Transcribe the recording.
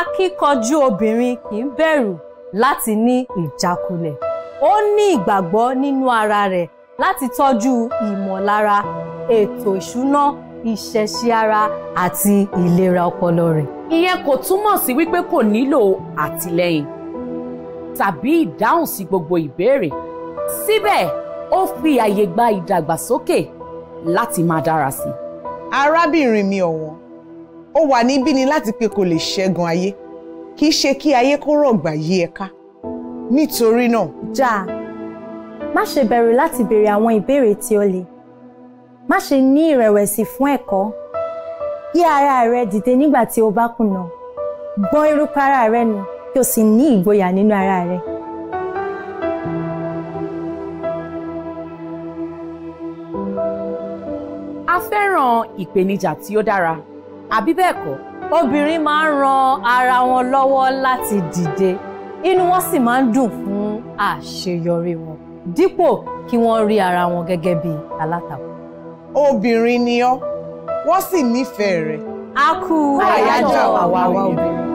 akíkanjú obìnrin kì í bẹ̀rù láti ní ìjákulẹ̀ ó ní ìgbàgbọ́ nínú ara rẹ̀ láti tọ́jú ìmọ̀lára ètò ìṣúná ìṣẹ̀ṣe ara àti ìlera ọpọlọ rẹ̀. ìyẹn kò túmọ̀ sí wípé kò nílò àtìlẹ́yìn tàbí ìdáhùn sí gbogbo ìbéèrè síbẹ̀ ó fi àyè gba ìdàgbàsókè láti máa dára sí i. arábìnrin mi ọ̀wọ́n ó wà níbí ni láti pé kò lè ṣẹ́gun ayé kì í ṣe kí ayé kó rọ̀gbà yí ẹ ká nítorí náà. jà má ṣe bẹ̀rù láti béèrè àwọn ìbéèrè tí ó le má ṣe ní ìrẹ̀wẹ̀sì fún ẹ̀kọ́ yí ara rẹ dìde nígbà tí o bá kùnà gbọ́n irúpa ara rẹ nù kí o sì ní ìgboyà nínú ara rẹ. a fẹ́ràn ìpèníjà tí ó dára àbí bẹ́ẹ̀ kọ́ obìnrin máa ń ran ara wọn lọ́wọ́ láti dìde inú wọn sì máa ń dùn fún àṣeyọrí wọn dípò kí wọ́n rí ara wọn gẹ́gẹ́ bí alátakò. obìnrin ni ọ́ wọ́n sì nífẹ̀ẹ́ rẹ̀. a kú àyájọ́ àwa obìnrin.